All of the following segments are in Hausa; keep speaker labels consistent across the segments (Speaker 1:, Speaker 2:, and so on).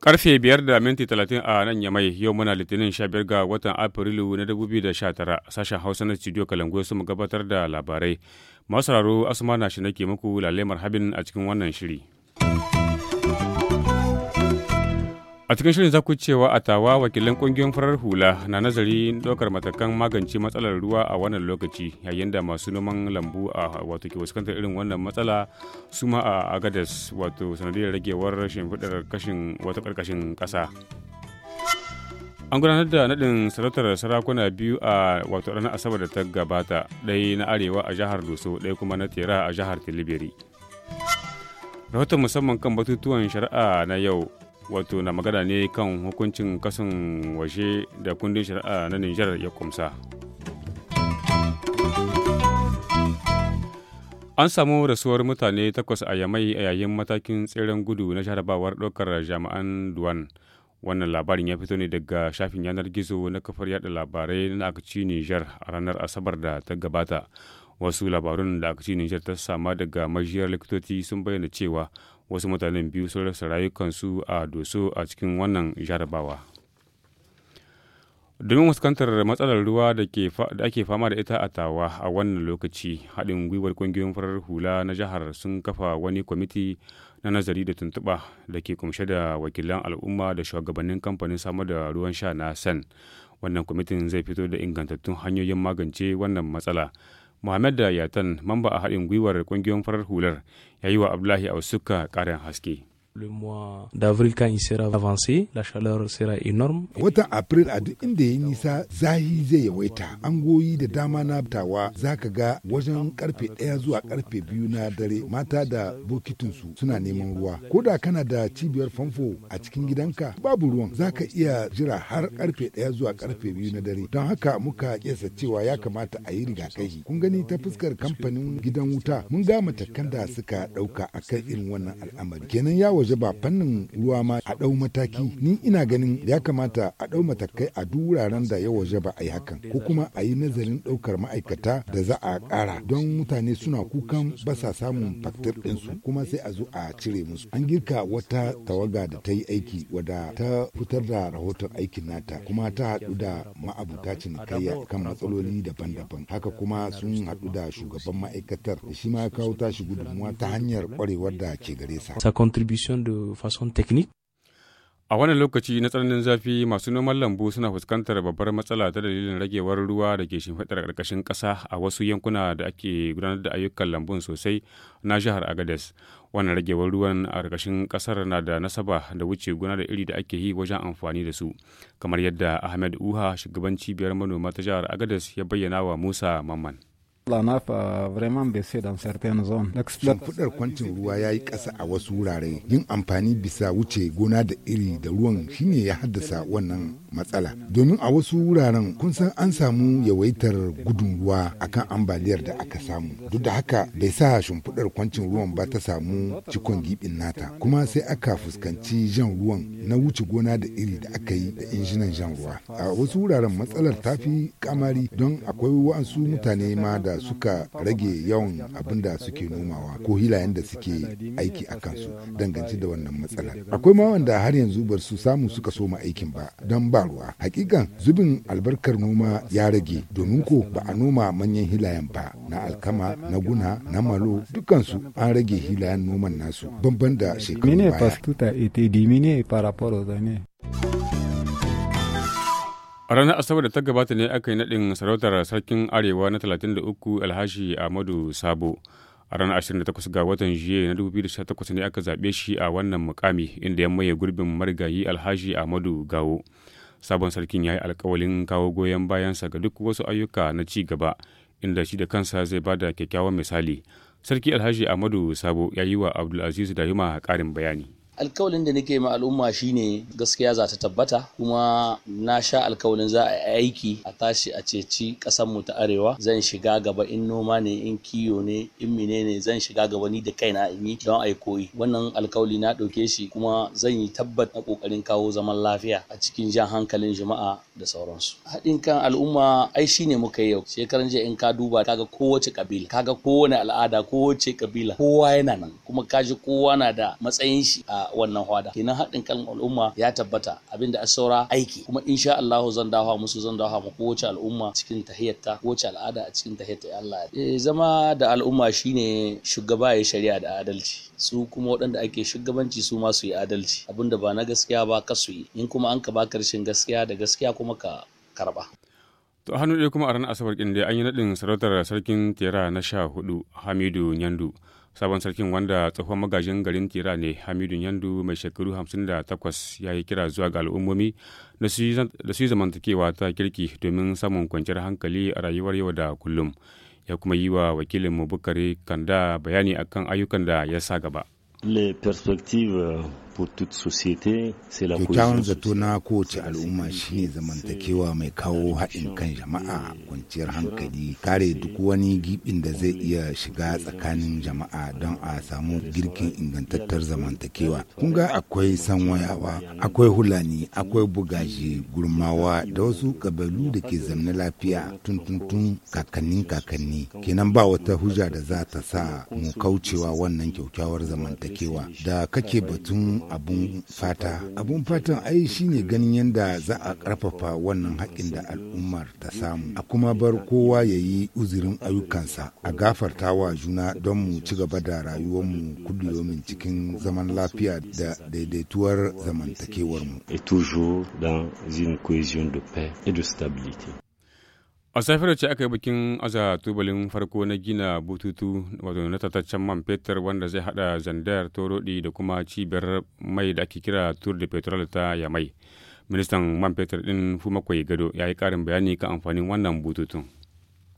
Speaker 1: Karfe biyar da minti talatin a nan yamai yau muna litinin sha ga watan Afrilu na dubu biyu da sha tara sashen Hausa na studio Kalangu sun gabatar da labarai. Masu sauraro na shi nake muku lalemar habin a cikin wannan shiri. A cikin shirin za ku cewa a tawa wakilan kungiyoyin farar hula na nazari ɗaukar matakan magance matsalar ruwa a wannan lokaci yayin da masu noman lambu a wato ke wasu irin wannan matsala su ma a agadas wato sanadiyar ragewar shimfiɗar kashin wata ƙarƙashin ƙasa. An gudanar da naɗin sarautar sarakuna biyu a wato ranar Asabar da ta gabata ɗaya na Arewa a jihar Doso ɗaya kuma na Tera a jihar Tilibiri. Rahoton musamman kan batutuwan shari'a na yau wato na magana ne kan hukuncin kasan waje da kundin shari'a na Nijar ya kumsa. An samu rasuwar mutane takwas a Yamai a yayin matakin tseren gudu na jarabawar ɗaukar jami'an Duwan. Wannan labarin ya fito ne daga shafin yanar gizo na kafar yada labarai na Akaci Nijar a ranar Asabar da ta gabata. wasu labarun da aka ci nijar ta sama daga majiyar likitoci sun bayyana cewa wasu mutanen biyu sun rasa rayukansu a doso a cikin wannan jarabawa domin fuskantar matsalar ruwa da ake fama da ita a tawa a wannan lokaci haɗin gwiwar ƙungiyoyin farar hula na jihar sun kafa wani kwamiti na nazari da tuntuɓa da ke kumshe da wakilan al'umma da shugabannin kamfanin samar da ruwan sha na sen wannan kwamitin zai fito da ingantattun hanyoyin magance wannan matsala Muhammad da Yatan, mamba a haɗin gwiwar ƙungiyoyin farar hular, ya yi wa Abdullahi Ausuka ƙarin haske.
Speaker 2: le mois d'avril quand
Speaker 1: il sera avancé la chaleur sera énorme
Speaker 2: watan april a duk inda ya nisa zahi zai yawaita an goyi da dama na tawa zaka ga wajen karfe ɗaya zuwa karfe biyu na dare mata da su suna neman ruwa ko da kana da cibiyar famfo a cikin gidanka babu ruwan zaka iya jira har karfe ɗaya zuwa karfe biyu na dare don haka muka kesa cewa ya kamata a yi rigakafi kun gani ta fuskar kamfanin gidan wuta mun ga matakan da suka ɗauka akan irin wannan al'amari kenan yawo waje ba fannin ruwa ma a ɗau mataki ni ina ganin ya kamata a ɗau matakai a duk wuraren da ya waje ba a yi hakan ko kuma a yi nazarin ɗaukar ma'aikata da za a kara don mutane suna kukan ba sa samun faktir ɗinsu kuma sai a zo a cire musu an girka wata tawaga da ta yi aiki wadda ta fitar da rahoton aikin nata kuma ta hadu da ma'abuta cinikayya kan matsaloli daban-daban haka kuma sun hadu da shugaban ma'aikatar da shi ma ya kawo tashi gudunmuwa ta hanyar kwarewar da
Speaker 1: ke gare sa.
Speaker 3: question de façon technique
Speaker 1: A wannan lokaci na tsananin zafi masu noman lambu suna fuskantar babbar matsala ta dalilin ragewar ruwa da ke shimfiɗar ƙarƙashin ƙasa a wasu yankuna da ake gudanar da ayyukan lambun sosai na jihar Agadez. Wannan ragewar ruwan a ƙarƙashin ƙasar na da nasaba da wuce guna da iri da ake yi wajen amfani da su. Kamar yadda Ahmed Uha shugaban cibiyar manoma ta jihar Agadez ya bayyana wa Musa Mamman.
Speaker 2: shimfiɗar kwancin ruwa ya yi ƙasa a wasu wurare yin amfani bisa wuce gona da iri da ruwan shine ya haddasa wannan matsala domin a wasu wuraren kun san an samu yawaitar gudun ruwa akan ambaliyar da aka samu duk da haka bai sa shimfiɗar kwancin ruwan ba ta samu cikon giɓin nata kuma sai aka fuskanci jan ruwan na wuce gona da iri da aka yi da injinan jan ruwa a wasu wuraren matsalar ta fi kamari don akwai wa'ansu mutane ma da suka rage yawan abin da suke nomawa ko hilayen da suke aiki a kansu dangance da wannan matsalar akwai ma wanda har yanzu bar su samu suka soma aikin ba don ba ruwa hakikan zubin albarkar noma ya rage domin ko ba a noma manyan hilayen ba na alkama na guna na malo dukansu an rage hilayen noman nasu banban da shekaru baya
Speaker 1: A ranar Asabar da ta gabata ne aka yi naɗin sarautar sarkin Arewa na 33 Alhashi Ahmadu Sabo. A ranar 28 ga watan Juye na 2018 ne aka zaɓe shi a wannan mukami inda ya maye gurbin marigayi Alhashi Ahmadu Gawo. Sabon sarkin ya yi alkawalin kawo goyon bayansa ga duk wasu ayyuka na ci gaba inda shi da kansa zai ba da kyakkyawan misali. Sarki Alhashi Ahmadu Sabo ya yi wa Abdulaziz Dayuma ƙarin bayani.
Speaker 3: alkawalin da nake ma al'umma shine gaskiya za ta tabbata kuma na sha alkawalin za a aiki a tashi a ceci mu ta arewa zan shiga gaba in noma ne in kiyo ne in mine ne zan shiga gaba ni da kaina in yi don ai koyi wannan alkawali na ɗauke shi kuma zan yi tabbat na ƙoƙarin kawo zaman lafiya a cikin jan hankalin jama'a da sauransu haɗin kan al'umma ai shine muka yau shekaran jiya in ka duba kaga kowace kabila kaga kowane al'ada kowace kabila kowa yana nan kuma kaji kowa na da matsayin shi a wannan hwada kenan haɗin kan al'umma ya tabbata abinda a saura aiki kuma insha Allah zan dawo musu zan dawo ma kowace al'umma cikin tahiyyarta kowace al'ada a cikin ya Allah eh, zama da al'umma shine shugaba ya shari'a da adalci su kuma waɗanda ake shugabanci su ma su yi adalci abinda ba na gaskiya ba ka su yi in kuma an ka ba karshen gaskiya da gaskiya kuma ka karba
Speaker 1: to hannu ɗaya kuma a ranar asabar kin dai an yi naɗin sarautar sarkin tera na sha hudu hamidu nyandu sabon sarkin wanda tsohon magajin garin tira ne hamidu yandu mai shekaru 58 ya yi kira zuwa ga al'ummomi da su yi zamantakewa ta kirki domin samun kwanciyar hankali a rayuwar yau da kullum ya kuma yi wa wakilin mu bukari kanda bayani akan ayyukan da ya sa gaba.
Speaker 2: kyakkyawan zato na kowace al'umma shine zamantakewa mai kawo haɗin kan jama'a kwanciyar hankali kare duk wani gibin da zai iya shiga tsakanin jama'a don a samu girkin ingantattar zamantakewa kun ga akwai sanwayawa akwai hulani akwai bugaji gurmawa da wasu kabalu da ke zamna lafiya tuntuntun kakannin kakanni kenan ba wata hujja da za ta sa mu kaucewa wannan kyakkyawar zamantakewa da kake batun abun fata abun fatan ai shine ganin yadda za a karfafa wannan haƙƙin da al'ummar ta samu a kuma bar kowa ya yi uzurin ayyukansa a gafarta wa juna don mu ci gaba da rayuwarmu kulliyomin cikin zaman lafiya da daidaituwar zamantakewarmu.
Speaker 1: Et toujours dans a safiyar ce aka yi bikin aza tubalin farko na gina bututu wato na man fetur wanda zai hada zandar torodi da kuma cibiyar mai da ake kira tour de petrol ta yamai ministan man fetur din fumakwai gado ya yi karin bayani kan amfanin wannan bututun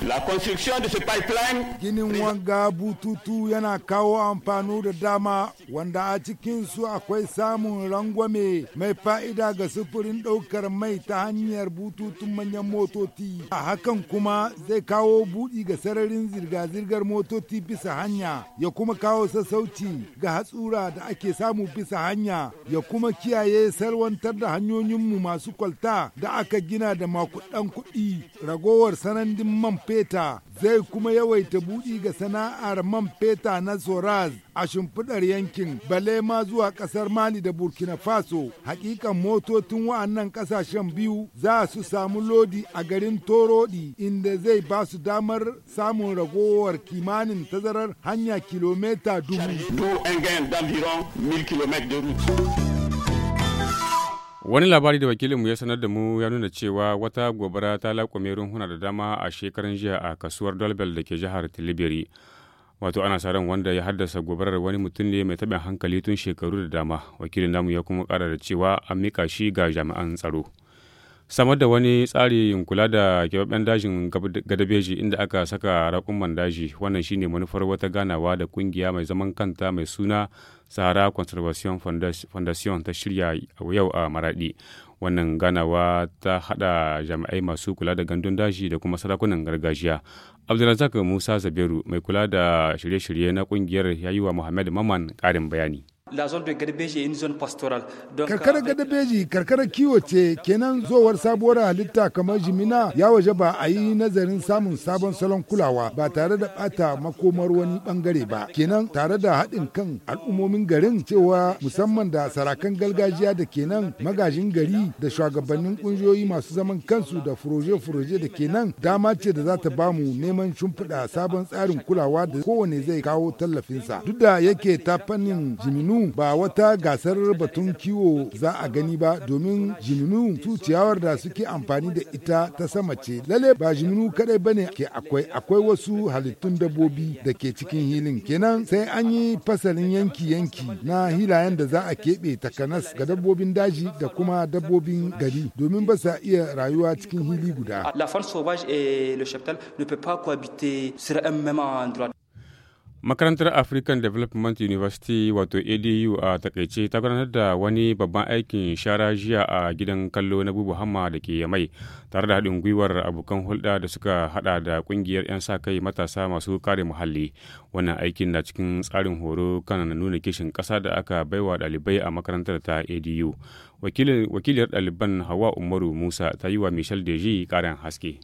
Speaker 1: La construction de ce pipeline.
Speaker 2: Ginin wanga bututu yana kawo amfanu da dama wanda a cikin su akwai samun rangwame mai fa'ida ga sufurin ɗaukar mai ta hanyar bututun manyan motoci. A hakan kuma zai kawo buɗi ga sararin zirga-zirgar motoci bisa hanya ya kuma kawo sassauci ga hatsura da ake samu bisa hanya ya kuma kiyaye sarwantar da hanyoyinmu masu kwalta da aka gina da makudan kuɗi ragowar sanandin man feta zai kuma yawaita buɗi ga sana'ar man feta na Soraz a shimfiɗar yankin bale ma zuwa ƙasar Mali da Burkina Faso. Hakikan motocin wa'annan ƙasashen biyu za su samu lodi a garin Torodi inda zai ba su damar samun ragowar kimanin tazarar hanya kilomita dubu.
Speaker 1: Wani labari da wakilinmu ya sanar da mu ya nuna cewa wata gobara ta laƙume runhuna da dama a shekaran jiya a kasuwar Dolbel da ke jihar Tilibiri. Wato ana sa ran wanda ya haddasa gobarar wani mutum ne mai taɓin hankali tun shekaru da dama. Wakilin namu ya kuma ƙara da cewa an mika shi ga jami'an tsaro. Samar da wani tsari kula da keɓaɓɓen dajin gadabeji inda aka saka raƙuman daji wannan shine manufar wata ganawa da ƙungiya mai zaman kanta mai suna sahara conservation foundation ta shirya yau a maradi wannan ganawa ta hada jami'ai masu kula da gandun daji da kuma sarakunan gargajiya abdulrazak musa zabiru mai kula da shirye-shirye na kungiyar yayi wa muhammad maman karin bayani la zone de Garbeji est une zone pastorale. Karkarar
Speaker 2: Gadebeji karkara kiwo ce kenan zowar sabuwar halitta kamar jimina ya waje ba a yi nazarin samun sabon salon kulawa ba tare da bata makomar wani bangare ba. Kenan tare da haɗin kan al'ummomin garin cewa musamman da sarakan gargajiya da kenan magajin gari da shugabannin kungiyoyi masu zaman kansu da furoje-furoje da kenan dama ce da za ta bamu neman shimfiɗa sabon tsarin kulawa da kowane zai kawo tallafinsa. Duk da yake ta fannin jiminu ba wata gasar batun kiwo za a gani ba domin jiminu su ciyawar da suke amfani da ita ta sama ce lalle ba jiminu kadai bane ke akwai akwai wasu halittun dabbobi da ke cikin hilin kenan sai an yi fasalin yanki yanki na hilayen da za a keɓe takanas ga dabbobin daji da kuma dabbobin gari domin ba sa iya rayuwa cikin hili
Speaker 4: guda. La faune sauvage et le cheptel ne peut pas cohabiter sur un même endroit.
Speaker 1: Makarantar African Development University wato ADU a takaice ta gudanar da wani babban aikin shara jiya a gidan kallo na Bubu Hamma da ke Yamai tare da haɗin gwiwar abokan hulɗa da suka haɗa da ƙungiyar 'yan sa kai matasa masu kare muhalli. Wannan aikin na cikin tsarin horo kan nuna kishin ƙasa da aka baiwa ɗalibai a makarantar ta ADU. Wakiliyar ɗaliban Hawa Umaru Musa ta yi wa Michel Deji ƙarin haske.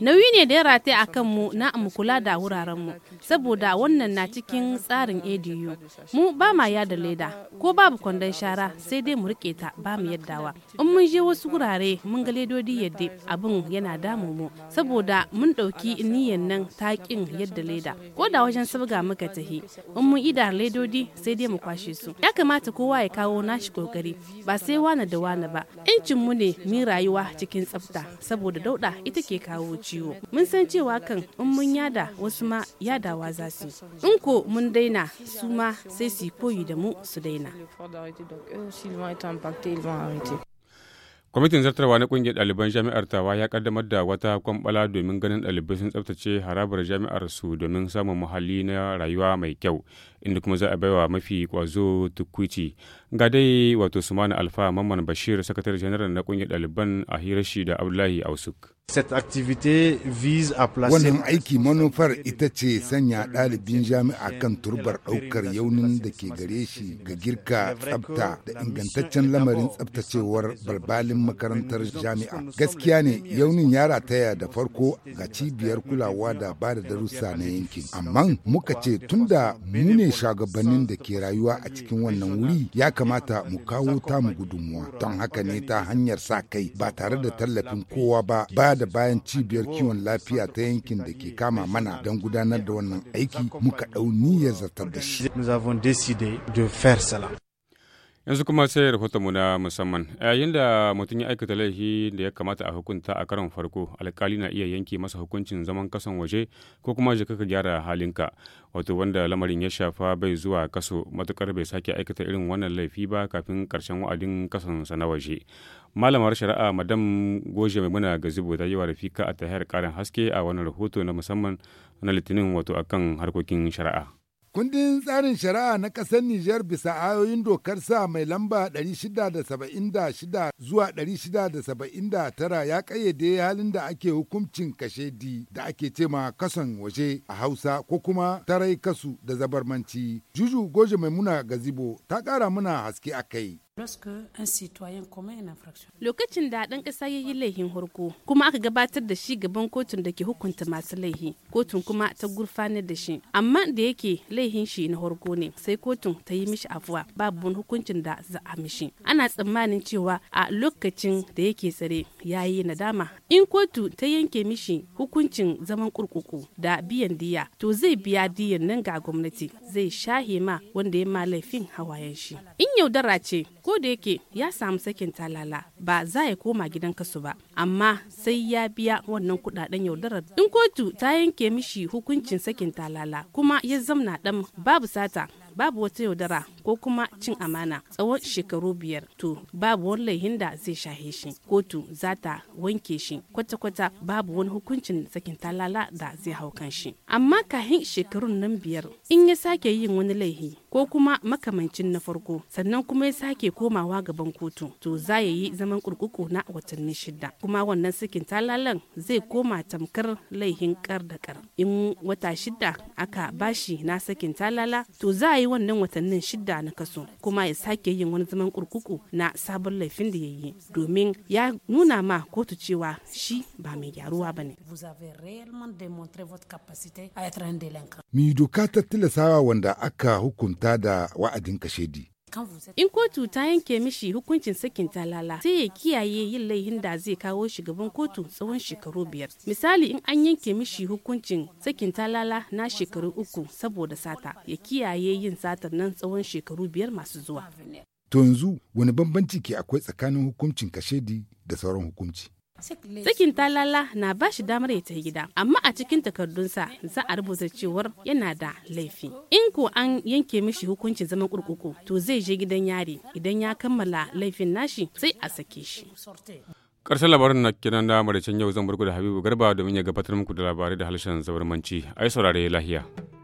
Speaker 4: Nauyi ne da ya rataya a mu na mu kula da wuraren mu saboda wannan na cikin tsarin ADU. Mu ba ma da leda, ko babu kwandon shara sai dai mu rike ta ba mu yaddawa. In mun je wasu wurare mun ga ledodi yadda abin yana damu mu, saboda mun ɗauki niyyar nan ta ƙin yadda leda. Ko da wajen sabga muka tahi, in mun ida ledodi sai dai mu kwashe su. Ya kamata kowa ya kawo nashi kokari, ba sai wani da wani ba. Incin mu ne mira rayu rayuwa cikin tsafta saboda dauda ita ke kawo ciwo mun san cewa kan in mun yada wasu ma yadawa za su in ko mun daina su ma sai su koyi da mu su daina
Speaker 1: kwamitin zartarwa na kungiyar ɗaliban jami'ar tawa ya kaddamar da wata kwamɓala domin ganin ɗalibai sun tsabtace harabar jami'ar su domin samun muhalli na rayuwa mai kyau inda kuma za a baiwa mafi kwazo tukwici ga dai wato sumana alfa mamman bashir sakatare janar na kungiyar ɗaliban a hirashi da abdullahi ausuk Wannan
Speaker 2: aiki manufar ita ce sanya ɗalibin jami'a kan turbar ɗaukar yaunin da ke gare shi ga girka tsabta da ingantaccen lamarin tsabtacewar balbalin makarantar jami'a. Gaskiya ne yaunin ya rataya da farko ga cibiyar kulawa da ba da darussa na yankin. Amma muka ce tunda mu ne shugabannin da ke rayuwa a cikin wannan wuri ya kamata mu kawo tamu gudunmuwa. Don haka ne ta hanyar sa kai ba tare da tallafin kowa ba da bayan cibiyar kiwon lafiya ta yankin da ke kama mana don gudanar da wannan aiki muka ɗau niyyar zartar da shi.
Speaker 1: yanzu kuma sai mu na musamman yayin da mutum ya aikata laifi da ya kamata a hukunta a karon farko alkali na iya yanke masa hukuncin zaman kasan waje ko kuma ka gyara halinka wato wanda lamarin ya shafa bai zuwa kaso matukar bai sake aikata irin wannan laifi ba kafin karshen wa'adin kasansa na waje malamar shari'a madam goje maimuna zubo ta yi wa rafika a tahiyar karin haske a wani rahoto na musamman na litinin wato akan harkokin shari'a
Speaker 2: Kundin tsarin shari'a na ƙasar Nijar bisa ayoyin dokar sa mai lamba 676 zuwa 679 ya ƙayyade halin da ake hukuncin kashedi da ake cema kason waje a Hausa ko kuma tarai kasu da zabarmanci. Juju Goje Maimuna Gazibo ta ƙara muna haske a kai.
Speaker 4: Lokacin da ɗan ƙasa ya yi laihin harko kuma aka gabatar da shi gaban kotun da ke hukunta masu laihi, kotun kuma ta gurfanar da shi. Amma da yake laihin shi na harko ne, sai kotun ta yi mishi afuwa babu wani hukuncin da za a mishi. Ana tsammanin cewa a lokacin da yake tsare ya yi nadama. In kotu ta yanke mishi hukuncin zaman kurkuku da biyan diya, to zai biya diyan nan ga gwamnati, zai shahe ma wanda ya ma laifin hawayen shi. In yaudara ce, ko da yake ya samu sakin talala ba za ya koma gidan kasu ba amma sai ya biya wannan kudaden yaudarar in kotu ta yanke mishi hukuncin sakin talala kuma ya zamna dan babu sata babu wata yaudara ko kuma cin amana tsawon shekaru biyar to babu wani laihin da zai shahe shi kotu za ta wanke shi kwata-kwata babu wani hukuncin sakin talala da zai hau kan shi amma kahin shekarun nan biyar in ya sake yin wani laihi ko kuma makamancin na farko sannan kuma ya sake komawa gaban kotu to za ya yi zaman kurkuku na watanni shida kuma wannan sakin talalan zai koma tamkar laihin kar da kar in wata shida aka bashi na sakin talala to za a yi wannan watannin shida na kaso kuma ya sake yin wani zaman kurkuku na sabon laifin da ya yi domin ya nuna ma kotu cewa shi ba mai gyaruwa ba ne.
Speaker 2: Mi doka ta tilasawa wanda aka hukunta manta da wa'adin kashedi.
Speaker 4: In kotu ta yanke mishi hukuncin sakin talala sai ya kiyaye yin laihin da zai kawo shi gaban kotu tsawon shekaru biyar. Misali in an yanke mishi hukuncin sakin talala na shekaru uku saboda sata ya kiyaye yin satar nan tsawon shekaru biyar masu zuwa.
Speaker 2: To yanzu wani bambanci ke akwai tsakanin hukuncin kashedi da sauran hukunci?
Speaker 4: Sakin talala na ba shi damar ya tafi gida, amma a cikin takardunsa za a rubuta cewar yana da laifi. In ko an yanke mishi hukuncin zaman kurkuku, to zai je gidan yari idan ya kammala laifin nashi sai a sake shi.
Speaker 1: Ƙarshen labarin na kenan da maraicen yau zan da Habibu Garba domin ya gabatar muku da labarai da harshen zabarmanci. Ai saurare lahiya.